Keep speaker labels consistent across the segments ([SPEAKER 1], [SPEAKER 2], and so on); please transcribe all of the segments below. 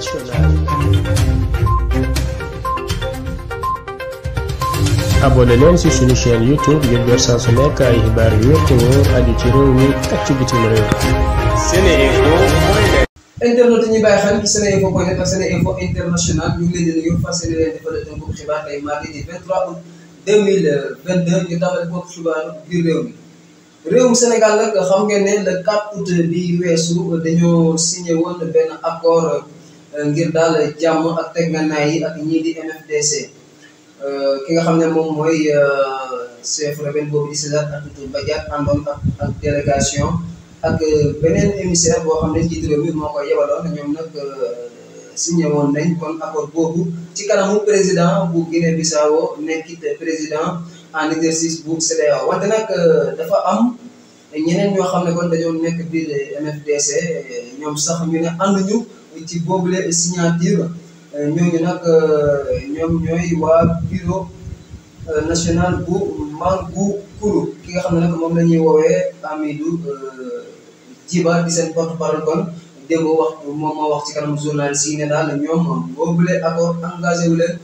[SPEAKER 1] internationale. abonné leen ci suñu youtube ngir saa su nekk xibaar yu wér te wóor aju ci réew mi ak ci bitim réew. SeneInfo. internet ñi bàyyi xam ngeen ne le 4 août bi weesu dañoo signé benn accord. Euh, ngir daal jàmm ak tegmennaay yi ak ñii di euh, ki nga xam ne moom mooy euh, chef rebelle boobu di César Atoute Badiate àndoon ak ak délégation ak beneen émissaire boo xam ne jiitu réew mi moo koy yebaloon ñoom nag signé woon nañ kon accord boobu ci kanamu président bu Guinée Bissau nekkit président en exercice bu CEDEAO wante nag dafa am ñeneen ñoo xam ne kon dañoo nekk biir MFDC ñoom sax ñu ne ànduñu. ci boobule signature euh, ñooñu nag euh, ñoom ñooy waa bureau euh, national bu Mangoukoulo ki nga xam ne nag moom la ñuy woowee Amidou Djiba di seen porte-parole kon démb wax moom moo wax ci kanam journaliste yi ne daal ñoom boobule accord engagé wu leen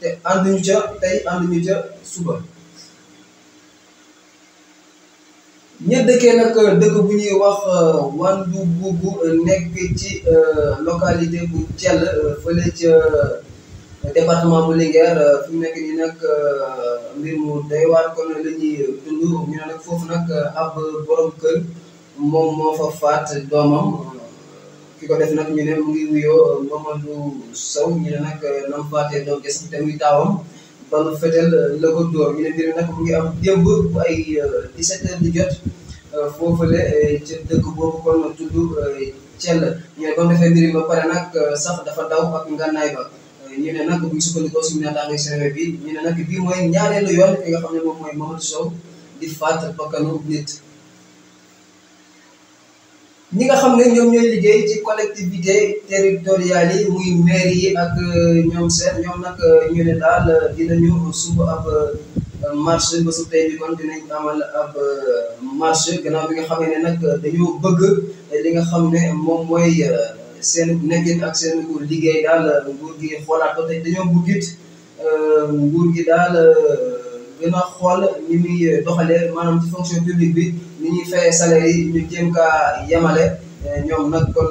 [SPEAKER 1] te ànduñu ca tey ànduñu ca suba. ñi dëkkee nag euh, dëkk bu ñuy wax euh, Wandoubougou euh, nekk ci localité bu Thiel fële ca département bu Linguère fi mu nekk nii nag mbir mu day waar kon la ñuy dund ñu ne nag foofu nag ab borom kër moom moo fa faat doomam ki ko def nag ñu ne mu ngi wuyoo Sow ñu ne nam faatee doom des bi tamit taawam fetel la ko dóor mi nag mu ngi am démb ay 17 heures di jot foofule eh, ca dëkk boobu kon tudd eh, Thiel ñu ne ba mu defee mbir mi ba nag eh, sax dafa daw ak ngànnaay ba ñu ne nag bu ñu sukkandikoo suñu naataango sénégalais bi ñu ne nag bii mooy ñaareelu yoon ki nga xam ne moom mooy Mamadou Sow di faat bakkanu nit. ñi nga xam ne ñoom ñooy liggéey ci collectivité territoriales yi muy maire yi ak ñoom seen ñoom nag ñu ne daal dinañu sumb ab. Euh, marché bésu tey bi kon dinañ amal ab euh, marché gannaaw bi nga xam ne nag dañoo bëgg li nga xam ne moom mooy euh, seen nekkin ak seen liggéey daal nguur gi xoolaat ko tey dañoo bëggit nguur gi daal gën xool ni muy doxalee maanaam ci fonction publique bi ni ñuy fayee salaire ñu jéem kaa yemale ñoom nag kon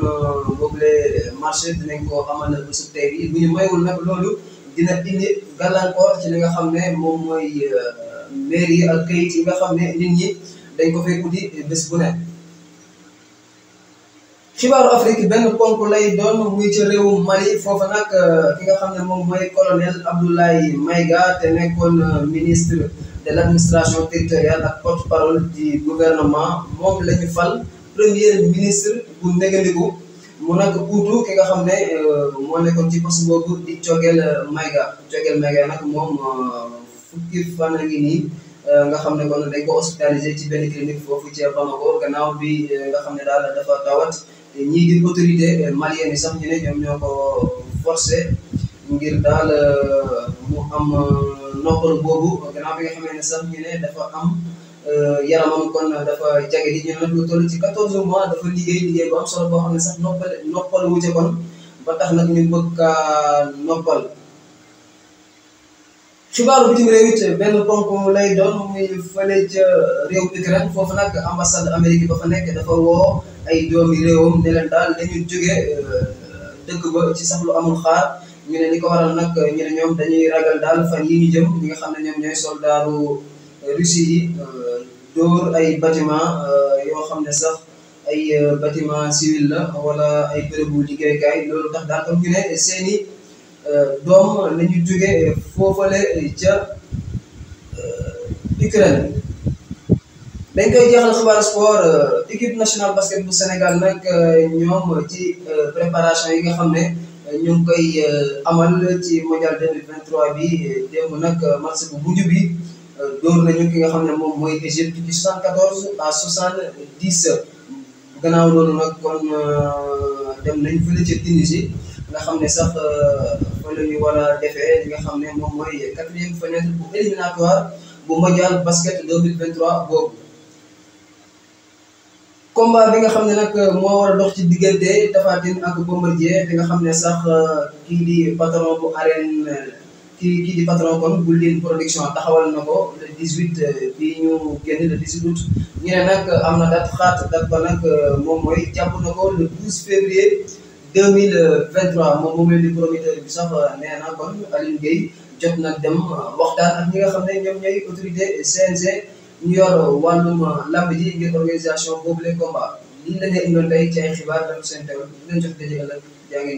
[SPEAKER 1] boobule marché dinañ ko amal bésu tey bi bu ñu mayul nag loolu dina indi gàllankoor ci li nga xam ne moom mooy euh, mairie yi ak kayit yi nga xam nit ñi dañ ko fay uti bés ne. xibaaru Afrique benn ponk lay doon muy ci réewu Mali foofa nag euh, ki nga xam moom mooy colonel Abdoulaye Maïga te nekkoon euh, ministre de l' administration territoriale ak parole du gouvernement moom la fal premier ministre bu négandiku. mu nag uutu ki nga xam ne euh, moo nekkoon ci poste boobu di Cogel euh, Maïga Cogel Maïga nag moom euh, fukki fan a ngi nii nga xam ne kon dañ ko hospitalisé ci benn clinique foofu ci Bamako gannaaw bi nga xam ne daal dafa tawat ñi di autorité malienne yi sax ñu ne ñoom ñoo ko forcé ngir daal mu am noppalu boobu gannaaw bi nga xam ne sax ñu ne dafa am. Euh, yaramam kon dafa jage di ñu nag lu toll ci quatorze mois dafa liggéey liggéey bu am solo boo xam ne sax noppal noppal wu ca kon ba tax nag ñu bëgg kaa noppal xibaaru bitim réew it benn ponk lay doon muy fële ca réew Ukraine foofu nag ambassade Amérique ba fa nekk dafa woo ay doomi réewam ne leen daal dañu jóge euh, dëkk ba ci sax lu amul xaar ñu ne li ko waral nag ñu ne ñoom dañuy ragal daal fan yi ñu jëm ñi nga xam ne ñoom ñooy soldaaru Russie yi euh, dóor ay bâtiment euh, yoo xam ne sax ay euh, bâtiment civil la wala ay bërëbu liggéeykaay loolu tax daal comme ñu ne seen doom la ñu jóge foofale ca Ukraine dañ koy jeexal xibaar sport équipe nationale basket Sénégal nag ñoom ci préparation yi nga xam ne ñu ngi koy amal ci mondial 2023 bi démb nag match bu mujj bi dóor nañu ki nga xam ne moom mooy Égypte ci soixante quatorze à soixante dix gannaaw loolu nag kon euh, dem nañ fële ca Tunisie nga xam ne sax euh, fa la ñu war a nga xam ne moom mooy quatrième fenêtre bu éliminatoire bu mondial basket deux mille vingt trois boobu. combat bi nga xam ne nag euh, moo war a dox ci diggante Tapha Tine ak Bombardier bi nga xam ne sax kii di patron bu arène. kii kii di patron kon Building Production taxawal na ko le 18 euh, bi ñu génn le 18 août a ne nag am na date xaat date ba nag euh, moom mooy jàpp na ko le 12 février 2023 moom moom leen di promoteur bi sax euh, nee na kon Alioune jot na dem waxtaan ak ñi nga xam ne ñoom ñooy autorité CNG ñu yor wàllum lamb ji ngir organisation boobu les combat lii la ñu indoon tey ci ay xibaar dafa seen teewal ñu leen jox daje ëllëg yaa ngi